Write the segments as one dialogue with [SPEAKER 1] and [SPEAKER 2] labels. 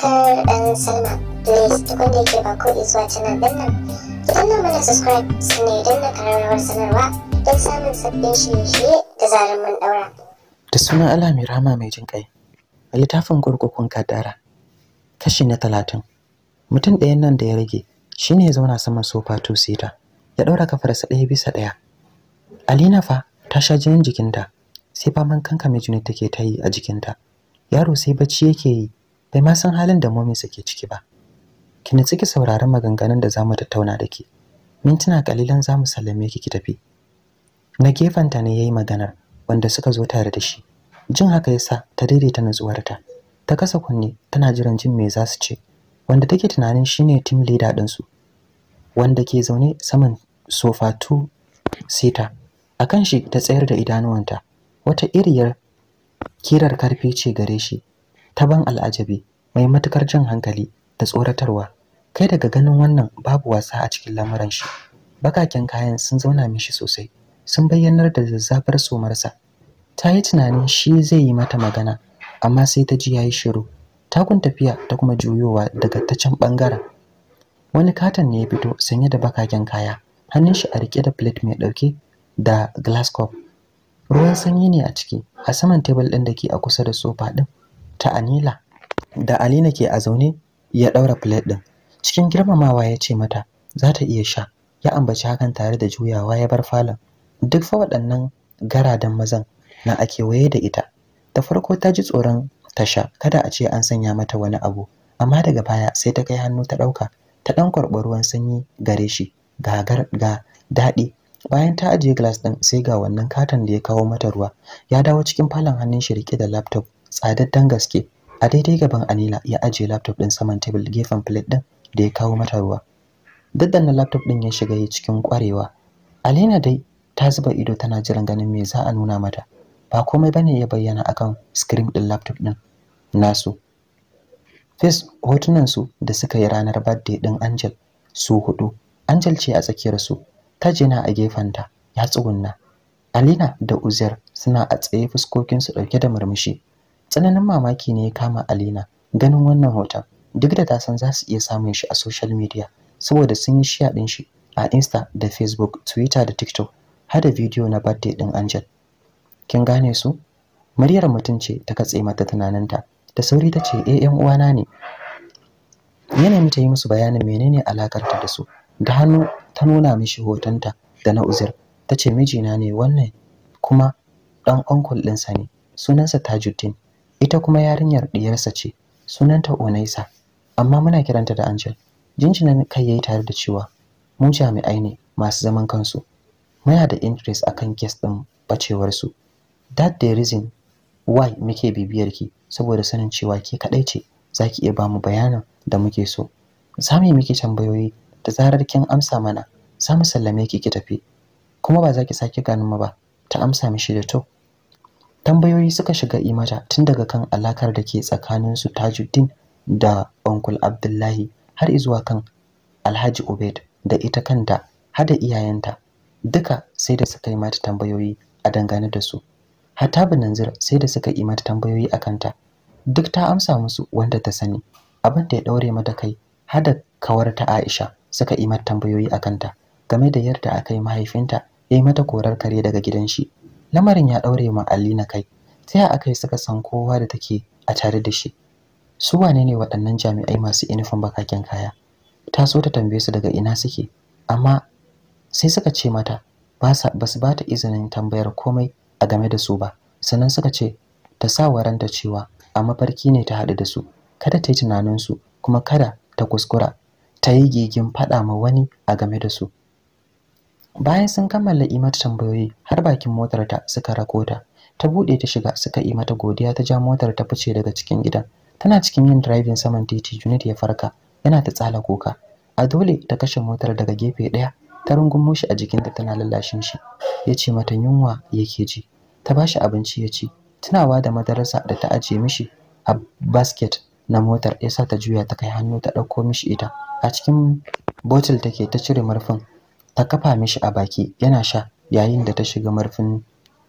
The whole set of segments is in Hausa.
[SPEAKER 1] subscribe and sign up. Please tukun da yake ba ko zuwa canal din nan. Ki danna mana subscribe sannan idan na kararrawar sanarwa don samun sabbin shirye-shirye da zarar mun daura. Da sunan Allah mai rama mai jin kai. A littafin kurkukun kadara kashi na talatin. Mutum ɗayan nan da ya rage shine ya zauna saman sofa two sita. ya ɗaura kafarsa ɗaya bisa ɗaya. Alina fa ta sha jinin jikinta sai faman kanka kankame jini take ta yi a jikinta. Yaro sai bacci yake yi bai ma san halin da mominsa ke ciki ba ki nutsi ki saurari maganganun da zamu tattauna da ke mintuna kalilan zamu sallame ki ki tafi na ta ne yayi maganar wanda suka zo tare da shi jin haka yasa ta daidaita nutsuwarta ta kasa kunne tana jiran jin me za su ce wanda take tunanin shine team leader din su wanda ke zaune saman sofa 2 sita akan shi ta tsayar da idanuwanta wata iriyar kirar karfi ce gare shi ta ban al'ajabi mai matukar jan hankali da tsoratarwa kai daga ganin wannan babu wasa a cikin lamuran shi bakaken kayan sun zauna mishi sosai sun bayyanar da zazzafar somarsa ta yi tunanin shi zai yi mata magana amma sai ta ji ya yi shiru takun tafiya ta kuma juyowa daga ta can bangaren wani katon ne ya fito sanye da bakaken kaya hannun shi a rike da plate mai ɗauke da glass cup ruwan sanyi ne a ciki a saman tebul ɗin da ke a kusa da sofa ɗin. ta Anila da Alina ke a zaune ya ɗaura plate ɗin. Cikin girmamawa ya ce mata za ta iya sha, ya ambaci hakan tare da juyawa ya bar falon. Duk fa waɗannan garadan mazan na a kewaye da ita. ta farko ta ji tsoron ta sha, kada a ce an sanya mata wani abu, amma daga baya sai ta kai hannu ta ɗauka, ta ɗan kwarɓi ruwan sanyi gare shi, ga daɗi. Bayan ta ajiye glass ɗin sai ga wannan katon da ya kawo mata ruwa, ya dawo cikin falon hannun shi da laptop tsadaddan gaske a daidai gaban anila ya ajiye laptop din saman table gefen plate din da ya kawo mata ruwa daddanna laptop din ya shiga ya cikin kwarewa alina dai ta zuba ido tana jiran ganin me za a nuna mata ba komai bane ya bayyana akan screen din laptop din nasu face hotunan su da suka yi ranar birthday din Angel su hudu Angel ce a tsakiyar su ta jina a ta, ya tsugunna Alina da Uzair suna a tsaye fuskokin su dauke da murmushi tsananin mamaki ne ya kama alina ganin wannan hoton duk da ta san za su iya samun shi a social media saboda sun yi shiya din shi a insta da facebook twitter da tiktok har da bidiyo na birthday din angel kin gane su muryar mutum ce ta katse mata tunaninta da sauri ta ce eh yan uwana ne yanayin ta yi musu bayanin menene alakarta da su da hannu ta nuna mishi hotonta da na uzir ta ce mijina ne wannan kuma ɗan onkul ɗinsa ne sunansa tajuddin ita kuma yarinyar diyarsa ce sunanta onaisa amma muna kiranta da Angel jinjinan kai yayi tare da cewa mu jami'ai ne masu zaman kansu muna da interest akan case din bacewar su that the reason why muke bibiyar ki saboda sanin cewa ke kadai ce zaki iya bamu bayanin da muke so za yi miki tambayoyi da zarar kin amsa mana za sallame ki ki tafi kuma ba za ki sake ganin mu ba ta amsa mishi da to tambayoyi suka shiga yi mata tun daga kan alakar da ke tsakanin su Tajuddin da onkul Abdullahi har zuwa kan Alhaji Obed da ita kanta hada iyayenta duka sai da suka yi mata tambayoyi a dangane da su hatta Binanzir sai da suka yi mata tambayoyi a kanta duk ta amsa musu wanda ta sani abin da ya daure mata kai hada kawar ta Aisha suka yi mata tambayoyi a kanta game da yadda aka yi mahaifinta ya yi mata korar kare daga gidan shi lamarin ya ɗaure ma na kai ta ya aka yi suka san kowa da take a tare da shi su wane ne waɗannan jami'ai masu uniform bakaken kaya ta so ta tambaye su daga ina suke amma sai suka ce mata ba su ba ta izinin tambayar komai a game da su ba sannan suka ce ta sa waranta cewa a mafarki ne ta haɗu da su kada ta yi tunanin su kuma kada ta kuskura ta yi gigin faɗa ma wani a game da su bayan sun kammala yi mata tambayoyi har bakin motar ta suka rakota. ta ta bude ta shiga suka yi mata godiya ta ja motar ta fice daga cikin gidan tana cikin yin driving saman titi unit ya farka yana ta tsala kuka a dole ta kashe motar daga gefe daya ta rungumo shi a jikin jikinta tana lallashin shi ya ce mata yunwa yake ji ta bashi abinci ya ci tunawa da madarasa da ta ajiye mishi a basket na motar ya sa ta juya ta kai hannu ta ɗauko mishi ita a cikin botul take ta cire murfin ta kafa mishi a baki yana sha yayin da ta shiga marfin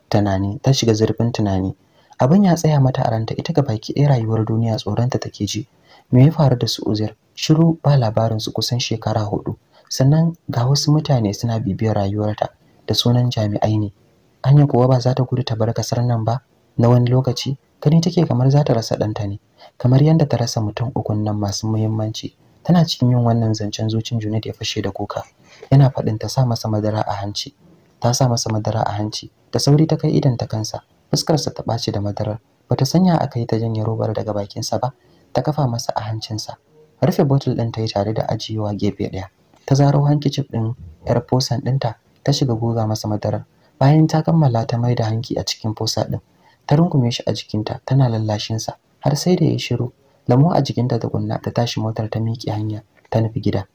[SPEAKER 1] tunani ta shiga zurfin tunani abin ya tsaya mata a ranta ita ga baki ɗaya rayuwar duniya tsoronta take ji me ya faru da su uzir? shiru ba labarin su kusan shekara hudu sannan ga wasu mutane suna bibiyar rayuwarta da sunan jami'ai ne anya kuwa ba za ta gudu ta bar kasar nan ba na wani lokaci gani take kamar za ta rasa ɗanta ne kamar yadda ta rasa mutum ukun nan masu muhimmanci tana cikin yin wannan zancen zucin da ya fashe da kuka yana faɗin ta sa masa madara a hanci ta sa masa madara a hanci da sauri ta kai idan ta kansa fuskarsa ta ɓaci da madarar bata sanya a kai ta janye robar daga bakinsa ba ta kafa masa a hancinsa rufe botul ɗin ta yi tare da ajiyewa gefe ɗaya ta zaro hankicif ɗin yar fosan ɗinta ta shiga goga masa madarar bayan ta kammala ta mai da hanki a cikin fosa ɗin ta rungume shi a jikinta tana lallashinsa har sai da ya shiru lamo a jikinta tukunna ta tashi motar ta miƙe hanya ta nufi gida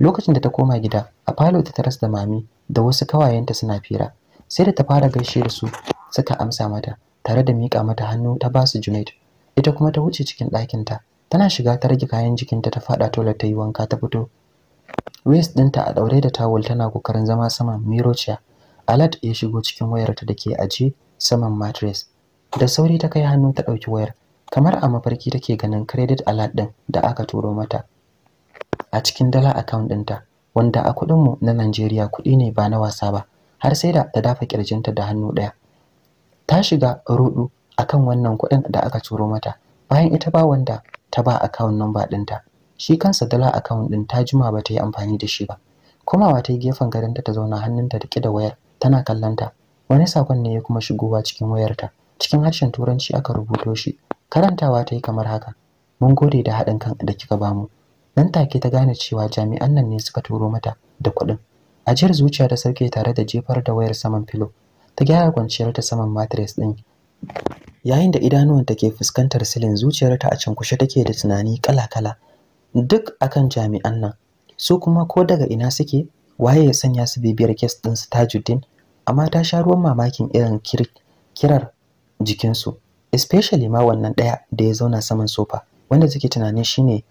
[SPEAKER 1] lokacin da ta koma gida a falo ta taras da mami da wasu kawayenta suna fira sai da ta fara gaishe da su suka amsa mata tare da miƙa mata hannu ta ba su Junaid ita kuma ta wuce cikin ɗakinta tana shiga ta rage kayan jikinta ta faɗa tolar ta yi wanka ta fito waist ɗinta a ɗaure da tawul tana kokarin zama saman mirociya alat ya shigo cikin wayarta da ke aje saman mattress da sauri ta kai hannu ta ɗauki wayar kamar a mafarki take ganin credit alert ɗin da aka turo mata a cikin dala account ɗinta wanda a mu na Najeriya kuɗi ne ba na wasa ba har sai da ta dafa kirjinta da hannu ɗaya ta shiga rudu akan wannan kuɗin da aka turo mata bayan ita ba wanda ta ba account number ɗinta shi kansa dala account ɗin ta jima ba ta yi amfani da shi ba komawa ta yi gefen garinta ta zauna hannunta ke da wayar tana kallonta wani sakon ne ya kuma shigowa cikin wayarta cikin harshen turanci aka rubuto shi karantawa ta yi kamar haka mun gode da haɗin kan da kika bamu nan take ta gane cewa jami'an nan ne suka turo mata da kuɗin ajiyar zuciya ta sarke tare da jefar da wayar saman filo ta gyara kwanciyar ta saman matres din yayin da idanuwanta ke fuskantar silin zuciyarta a ta take da tunani kala-kala duk akan jami'an nan su kuma ko daga ina suke waye ya sanya su bibiyar kes din su tajuddin amma ta sha ruwan mamakin irin kirar jikinsu especially ma wannan ɗaya da ya zauna saman sofa wanda suke tunanin shine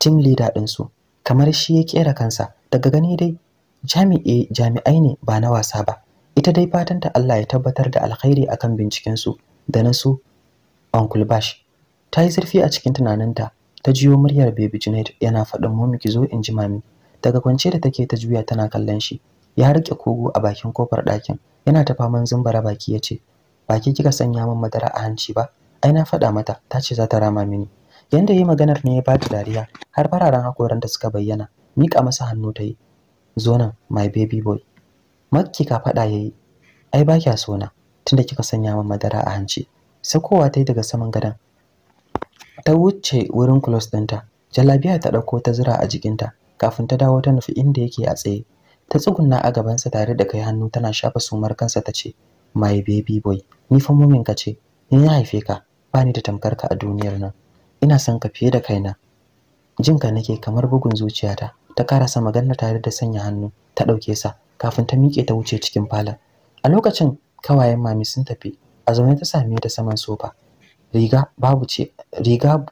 [SPEAKER 1] team leader ɗinsu kamar shi ya kera kansa daga gani dai jami'e jami'ai ne ba na wasa ba ita dai fatan ta Allah ya tabbatar da alkhairi akan binciken su da na su Uncle Bash ta yi zurfi a cikin tunaninta ta jiyo muryar Baby Junaid yana faɗin mu miki zo in ji mami daga kwance da take ta juya tana kallon shi ya rike kogo a bakin kofar ɗakin yana ta faman zumbara baki ya ce baki kika sanya min madara a hanci ba ai na faɗa mata ta ce za ta rama mini Yanda yi maganar ne ya bata dariya har fararen da suka bayyana. Mika masa hannu ta yi. Zo nan my baby boy. Makki ka faɗa yayi. Ai ba kya so tunda kika sanya min madara a hanci. Sakowa ta yi daga saman gadon. Ta wuce wurin close ɗinta. Jalabiya ta ɗauko ta zura a jikinta kafin ta dawo ta nufi inda yake a tsaye. Ta tsugunna a gabansa tare da kai hannu tana shafa sumar kansa ta ce, My baby boy, ni fa muminka ce, ni ya haife ka, ba ni da tamkarka a duniyar nan. ina son ka fiye da kaina jin ka nake kamar bugun zuciyata ta karasa maganar tare da sanya hannu ta ɗauke sa kafin ta miƙe ta wuce cikin falon a lokacin kawayen mami sun tafi a zaune ta same ta saman sofa riga babu ce riga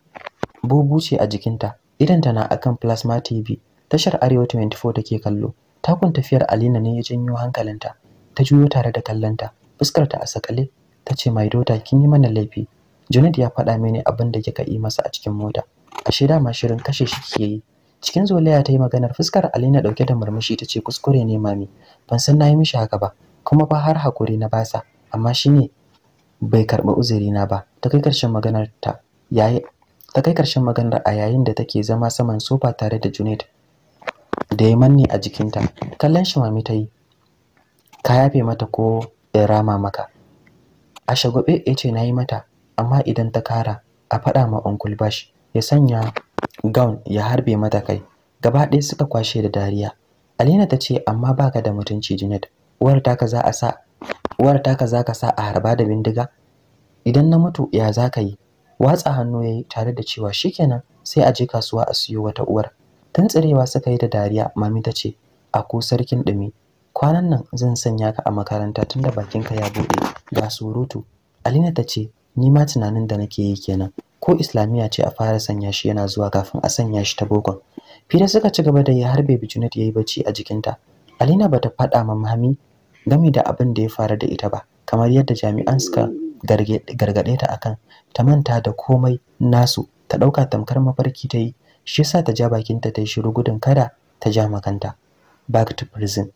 [SPEAKER 1] bubu ce a jikinta idan tana akan plasma tv tashar arewa 24 take kallo takun tafiyar alina ne ya janyo hankalinta ta juyo tare da kallonta fuskar ta a sakale ta ce mai dota kin yi mana laifi Junaid ya faɗa mini abin da kika yi masa a cikin mota ashe ma shirin kashe shi kike yi cikin zolaya ta yi maganar fuskar Ali na dauke da murmushi ta ce kuskure ne mami ban san nayi mishi haka ba kuma ba har hakuri na basa amma shine bai karɓi uzuri na ba ta kai karshen maganar ta yayi ta kai karshen maganar a yayin da take zama saman sofa tare da Junaid da ya manne a jikinta kallon shi mami ta yi ka yafe mata ko ya rama maka a shagwabe ya ce na yi mata amma idan ta kara a faɗa ma Uncle Bash ya sanya gown ya harbe mata kai gaba ɗaya suka kwashe da dariya Alina ta ce amma baka da mutunci Junet uwar taka za a sa uwar taka za ka sa a harba da bindiga idan na mutu ya za ka yi watsa hannu yayi tare da cewa shikenan sai a je kasuwa a siyo wata uwar Tun tsirewa suka yi da dariya mami ta ce a ko sarkin ɗumi kwanan nan zan sanya ka a makaranta tunda bakinka ya buɗe ga surutu Alina ta ce ni ma tunanin da nake yi kenan ko islamiyya ce a fara sanya shi yana zuwa kafin a sanya shi ta bokon fira suka ci gaba da yi har baby junet yi bacci a jikinta alina bata faɗa ma mami game da abin da ya faru da ita ba kamar yadda jami'an suka gargaɗe ta akan ta manta da komai nasu ta ɗauka tamkar mafarki ta yi shi yasa ta ja bakinta ta yi shiru gudun kada ta ja makanta back to prison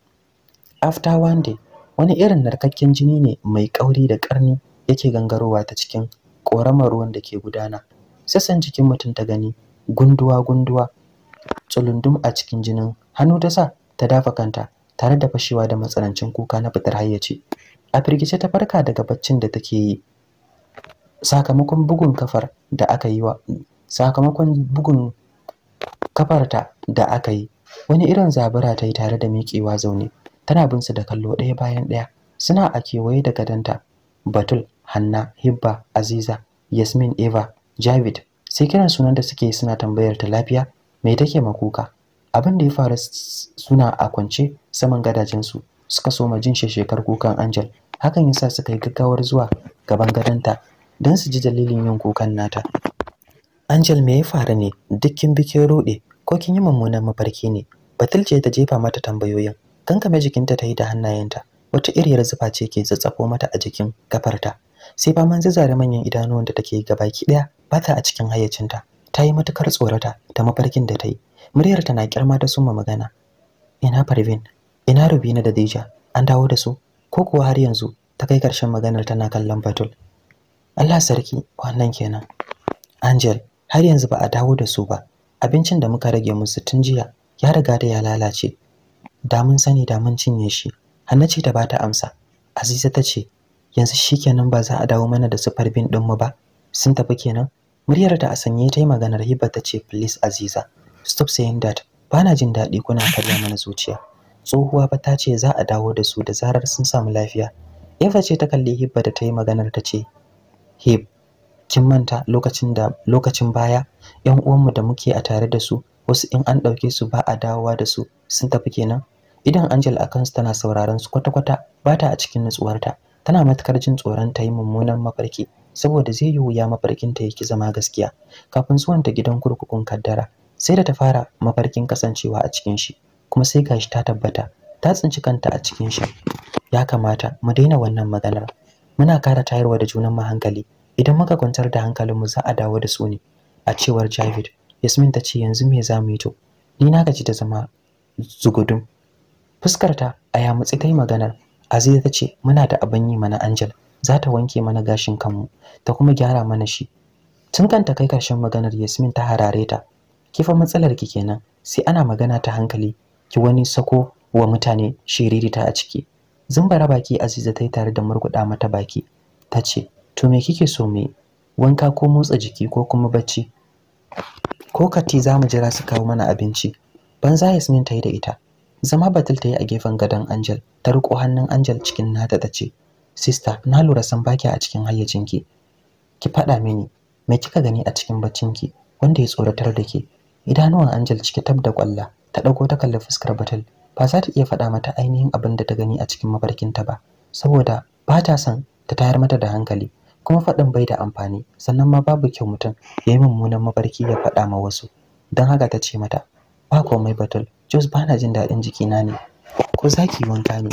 [SPEAKER 1] after one day wani irin narkakken jini ne mai kauri da ƙarni. yake gangarowa ta cikin ƙoramar ruwan da ke gudana sassan jikin mutum ta gani gunduwa gunduwa tsulundum a cikin jinin hannu ta sa ta dafa kanta tare da fashewa da matsanancin kuka na fitar hayyaci a firgice ta farka daga baccin da take yi sakamakon bugun kafar da aka yi wa sakamakon bugun kafarta da aka yi wani irin zabura ta yi tare da miƙewa zaune tana bin su da kallo ɗaya bayan ɗaya suna a kewaye da gadonta batul Hanna, Hibba, Aziza, Yasmin, Eva, Javid sai kiran sunan da suke suna tambayar ta lafiya me take makuka. Abin da ya faru suna a kwance saman gadajen su suka soma jin sheshekar kukan Angel. Hakan yasa suka yi gaggawar zuwa gaban gadonta don su ji dalilin yin kukan nata. Angel me ya faru ne? Dukkin bikin rode ko kin yi mummunan mafarki ne? Batulce ta jefa mata tambayoyin. Kankame jikinta ta yi da hannayenta. Wata iriyar zufa ce ke zazzafo mata a jikin kafarta. sai faman zazzare manyan idanuwan da take gabaki daya ba ta a cikin hayyacinta ta yi matukar tsorata da mafarkin da ta yi muryar na kirma da suma magana ina Parvin ina Rubina da Deja an dawo da su ko kuwa har yanzu ta kai karshen maganar tana kallon Batul Allah sarki wannan kenan Angel har yanzu ba a dawo da su ba abincin da muka rage musu tun jiya ya riga da ya lalace da mun sani da mun cinye shi Hanna ce ta bata amsa Aziza ta ce yanzu shikenan ba za a dawo mana da sufar bin mu ba sun tafi kenan muryar ta a sanye ta yi maganar hibba ta ce please aziza stop saying that bana jin daɗi kuna karya mana zuciya tsohuwa ba ta ce za a dawo da su da zarar sun samu lafiya eva ce ta kalli hibba da ta yi maganar ta ce hib kin manta lokacin da lokacin baya yan uwanmu da muke a tare da su wasu in an ɗauke su ba a dawowa da su sun tafi kenan idan angel a kansu tana sauraron su kwata-kwata ba ta a cikin nutsuwarta tana matukar jin tsoron ta yi mummunan mafarki saboda zai yi wuya mafarkinta yake zama gaskiya kafin ta gidan kurkukun kaddara sai da ta fara mafarkin kasancewa a cikin shi kuma sai gashi ta tabbata ta tsinci kanta a cikin shi ya kamata mu daina wannan maganar muna kara tayarwa da junan mu hankali idan muka kwantar da hankalinmu za a dawo da su ne a cewar Javid Yasmin ta ce yanzu me za mu yi to ni na gaji da zama zugudun fuskarta a yamutsi ta yi maganar Aziza ta ce muna da abin yi mana Angel za ta wanke mana gashin kanmu ta kuma gyara mana shi. Tun kanta kai karshen maganar Yasmin ta harare ta. Ki matsalar ki kenan sai ana magana ta hankali ki wani sako wa mutane shiriri ta a ciki. Zumbara baki Aziza ta yi tare da murguɗa mata baki. Ta ce to me kike so me wanka ko motsa jiki ko kuma bacci ko kati za mu jira su kawo mana abinci banza yasmin ta yi da ita Zama Batul ta yi a gefen gadon Angel, ta riko hannun Angel cikin nata ta ce, Sista, na lura san baki a cikin hayyacinki. Ki faɗa mini, me kika gani a cikin ki? wanda ya tsoratar da ke? Idanuwan Angel cike tab da kwalla, ta ɗauko ta kalli fuskar Batul. Ba za ta iya faɗa mata ainihin abin da ta gani a cikin mafarkinta ba, saboda ba ta son ta tayar mata da hankali. Kuma faɗin bai da amfani, sannan ma babu kyau mutum ya yi mummunan mafarki ya faɗa ma wasu. Don haka ta ce mata, ba komai Batul, Jos ba na jin daɗin jikina ne. Ko za ki yi wanka ne?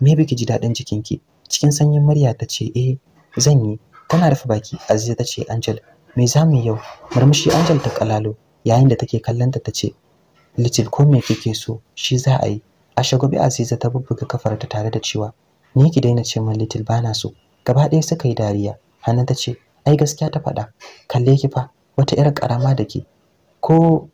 [SPEAKER 1] Me biki ji daɗin ki? Cikin sanyin murya ta ce, eh, zan yi. Tana rufe baki, Aziza ta ce, Angel, me za mu yau? Murmushi Angel ta kalalo, yayin da take kallon ta ce, Little ko me kike so, shi za a yi. A shagobi Aziza ta bubbuga kafarta tare da cewa, ni ki daina ce min Little bana so. Gaba ɗaya suka yi dariya. Hannun ta ce, ai gaskiya ta faɗa. Kalle ki fa, wata 'yar ƙarama da ke. Ko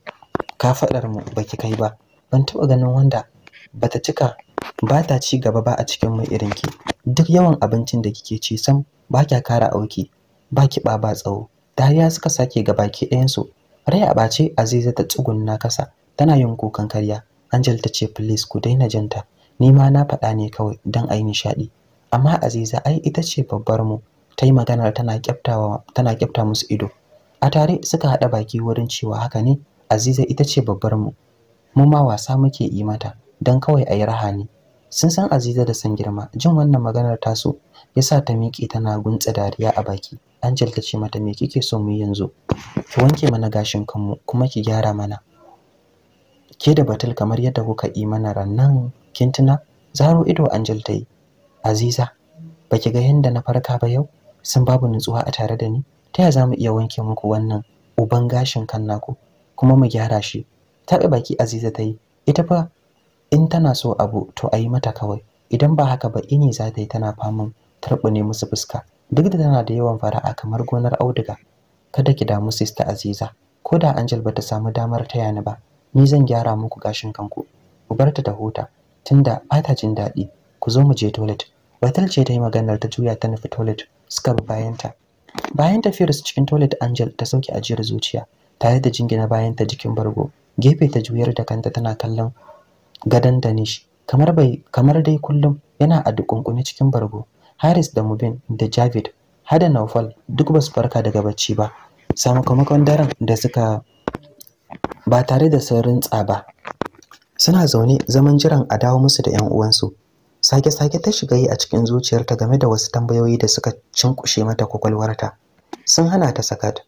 [SPEAKER 1] ka faɗar mu baki kai ba. ban taɓa ganin wanda bata cika ba ta ci gaba ba a cikin mai irin ki duk yawan abincin da kike ci sam ba kya kara auki ba ki ba tsawo dariya suka sake ɗayan su rai a bace aziza ta tsugunna kasa tana yin kukan karya Anjel ta ce please ku daina janta ni ma na faɗa ne kawai don a yi nishaɗi amma aziza ai ita ce babbar mu ta yi maganar tana tana kyafta musu ido a tare suka haɗa baki wurin cewa haka ne aziza ita ce babbar mu mu ma wasa muke yi mata don kawai a yi raha sun san aziza da san girma jin wannan maganar taso ya sa ta miƙe tana guntsa dariya a baki angel ta ce mata me kike so mu yanzu ki wanke mana gashin kanmu kuma ki gyara mana ke da batul kamar yadda kuka yi mana rannan kintuna zaro ido angel ta yi aziza baki ga yadda na farka ba yau sun babu nutsuwa a tare da ni ta yaya za mu iya wanke muku wannan uban gashin kan naku kuma mu gyara shi taɓa baki aziza ta yi ita fa in tana so abu to a yi mata kawai idan ba haka ba ini za ta yi tana faman ne musu fuska duk da tana da yawan fara'a kamar gonar auduga kada ki damu sista aziza ko da angel ta samu damar taya ni ba ni zan gyara muku gashin kanku ku bar ta ta huta tunda ba ta jin daɗi ku zo mu je toilet batal ce ta yi maganar ta juya ta nufi toilet suka bi bayanta bayan tafiyar su cikin toilet angel ta sauke ajiyar zuciya tare da jingina bayan ta jikin bargo gefe ta juyar da kanta tana kallon gadon danish kamar bai kamar dai kullum yana a dukunkune cikin bargo haris da mubin da javid hada naufal duk basu farka daga bacci ba sakamakon daren da suka ba tare da sun tsaba. suna zaune zaman jiran a dawo musu da 'yan uwansu sake-sake ta shiga yi a cikin zuciyarta game da wasu tambayoyi da suka cinkushe mata kwakwalwarta sun hana ta sakat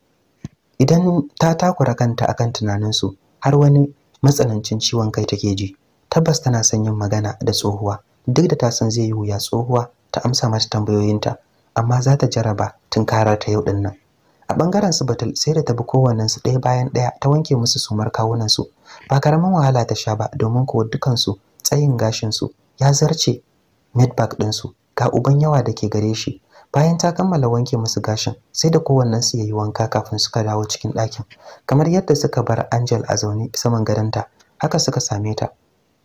[SPEAKER 1] idan ta takura kanta akan tunaninsu har wani matsanancin ciwon kai take ji tabbas tana son yin magana da tsohuwa duk da ta san zai yi wuya tsohuwa ta amsa mata tambayoyinta amma za ta jaraba kara ta yau dinnan a bangaren su batul sai da ta bi kowannen su ɗaya bayan ɗaya ta wanke musu sumar kawunan su ba karaman wahala ta sha ba domin kuwa dukan su tsayin gashin su ya zarce medbag din su ga uban yawa da ke gare shi bayan ta kammala wanke musu gashin sai da kowannen su yayi wanka kafin suka dawo cikin ɗakin kamar yadda suka bar Angel a zaune saman gadonta haka suka same ta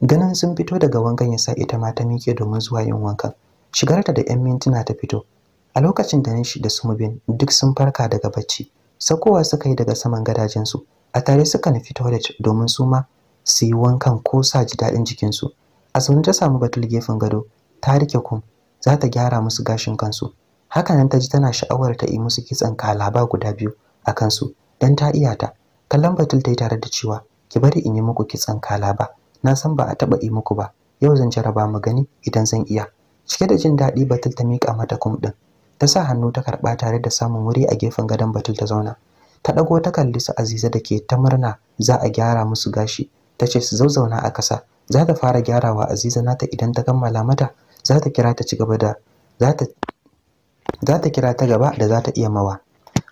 [SPEAKER 1] ganin sun fito daga wankan ya sa ita ma ta miƙe domin zuwa yin wankan shigarta da ƴan mintuna ta fito a lokacin da nishi da sumubin duk sun farka daga bacci sakowa suka yi daga saman gadajensu a tare suka nufi toilet domin su ma su yi wankan ko sa ji daɗin jikinsu a zaune ta samu batul gefen gado ta rike kum za ta gyara musu gashin kansu hakanan ta ji tana sha'awar ta yi musu kitsan kalaba guda biyu a kansu don ta iya ta kallon batul ta yi tare da cewa ki bari in yi muku kitsan kalaba na san ba a taba yi muku ba yau zan jaraba mu gani idan zan iya cike da jin daɗi batul ta miƙa mata kum ɗin ta sa hannu ta karɓa tare da samun wuri a gefen gadon batul ta zauna ta ɗago ta kalli su aziza da ke ta murna za a gyara musu gashi ta ce su zauzauna a ƙasa za ta fara gyarawa aziza nata idan ta kammala mata za ta kira ta ci gaba da za ta za ta kira ta gaba da za ta iya mawa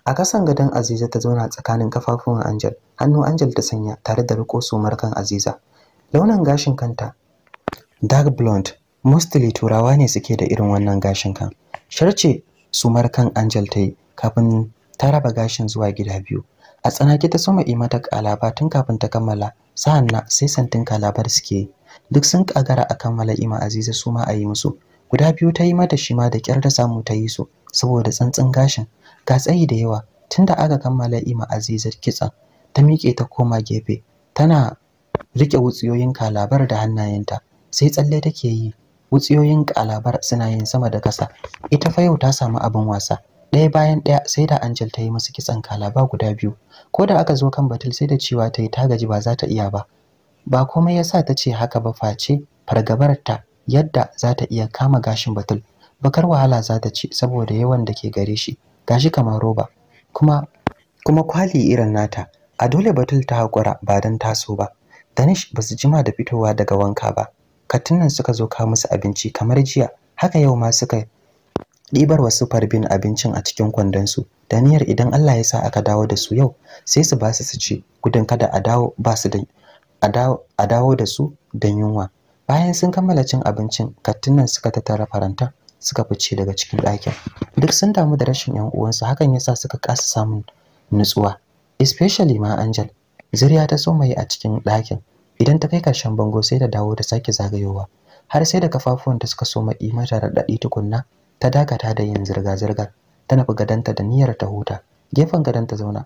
[SPEAKER 1] a kasan gadon aziza ta zauna tsakanin kafafun angel hannu angel ta sanya tare da riko sumar kan aziza launin gashin kanta dark blonde mostly turawa ne suke da irin wannan gashin kan sharce sumar kan angel ta yi kafin ta raba gashin zuwa gida biyu a tsanaki ta soma yi mata kalaba tun kafin ta kammala sa'an sai santin kalabar suke duk sun kagara a kammala ima aziza su ma a yi musu guda biyu ta yi mata shi ma da kyar da samu ta yi su saboda tsantsin gashin ga tsayi da yawa tunda aka kammala ima azizar kitsa ta miƙe ta koma gefe tana riƙe wutsiyoyin kalabar da hannayenta sai tsalle take yi wutsiyoyin kalabar suna yin sama da kasa ita fa yau ta samu abin wasa ɗaya bayan ɗaya sai da Anjel ta yi musu kitsan kalaba guda biyu ko da aka zo kan batul sai da cewa ta yi ta gaji ba za ta iya ba ba komai yasa ta ce haka ba face fargabar ta yadda za ta iya kama gashin batul bakar wahala za ta ci saboda yawan da ke gare shi gashi kamar roba kuma kuma kwali irin nata a dole batul ta hakura ba don taso ba danish ba su jima da fitowa daga wanka ba katunan suka zo kawo musu abinci kamar jiya haka yau ma suka ɗibar wasu farbin abincin a cikin kwandonsu da niyyar idan Allah ya sa aka dawo da su yau sai su ba su su ci gudun kada a dawo ba su da a dawo da su dan yunwa bayan sun kammala cin abincin kattunan suka tattara farantan suka fice daga cikin ɗakin duk sun damu da rashin yan uwansu hakan ya sa suka kasa samun nutsuwa especially ma Angel zuriya ta so mai a cikin ɗakin idan ta kai karshen bango sai ta dawo ta sake zagayowa har sai da kafafuwan ta suka so mai mata raɗaɗi tukunna ta dakata da yin zirga zirga ta nufi gadanta da niyyar ta huta gefen gadon zauna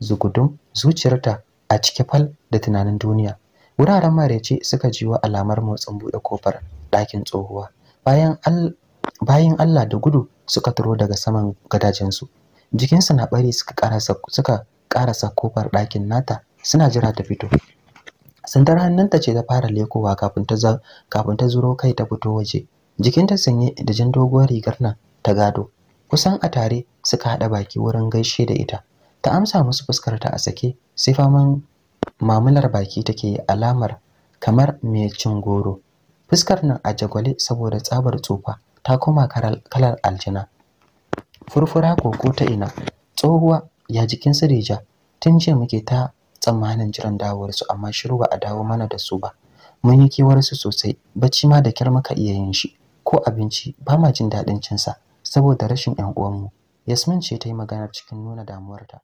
[SPEAKER 1] zugudum zuciyarta a cike fal da tunanin duniya Wuraren marece suka jiwo alamar motsin buɗe kofar ɗakin tsohuwa. Bayan bayan Allah da gudu suka turo daga saman gadajensu. Jikinsu na bari suka karasa suka karasa kofar ɗakin nata suna jira ta fito. Sandar hannunta ce ta fara lekowa kafin ta kafin ta zuro kai ta fito waje. Jikinta sanye da jan doguwar rigar nan ta gado. Kusan a tare suka haɗa baki wurin gaishe da ita. Ta amsa musu fuskarta a sake sai faman mamular baki take yi alamar kamar mai cin goro fuskar nan a jagwale saboda tsabar tsufa ta koma kalar aljina furfura koko ta ina tsohuwa ya jikin sirija tun jiya muke ta tsammanin jiran su, amma shiru ba a dawo mana da su ba mun yi kewar su sosai bacci ma da kyar muka iya yin shi ko abinci ba ma jin daɗin cinsa saboda rashin 'yan uwanmu yasmin ce ta yi maganar cikin nuna damuwarta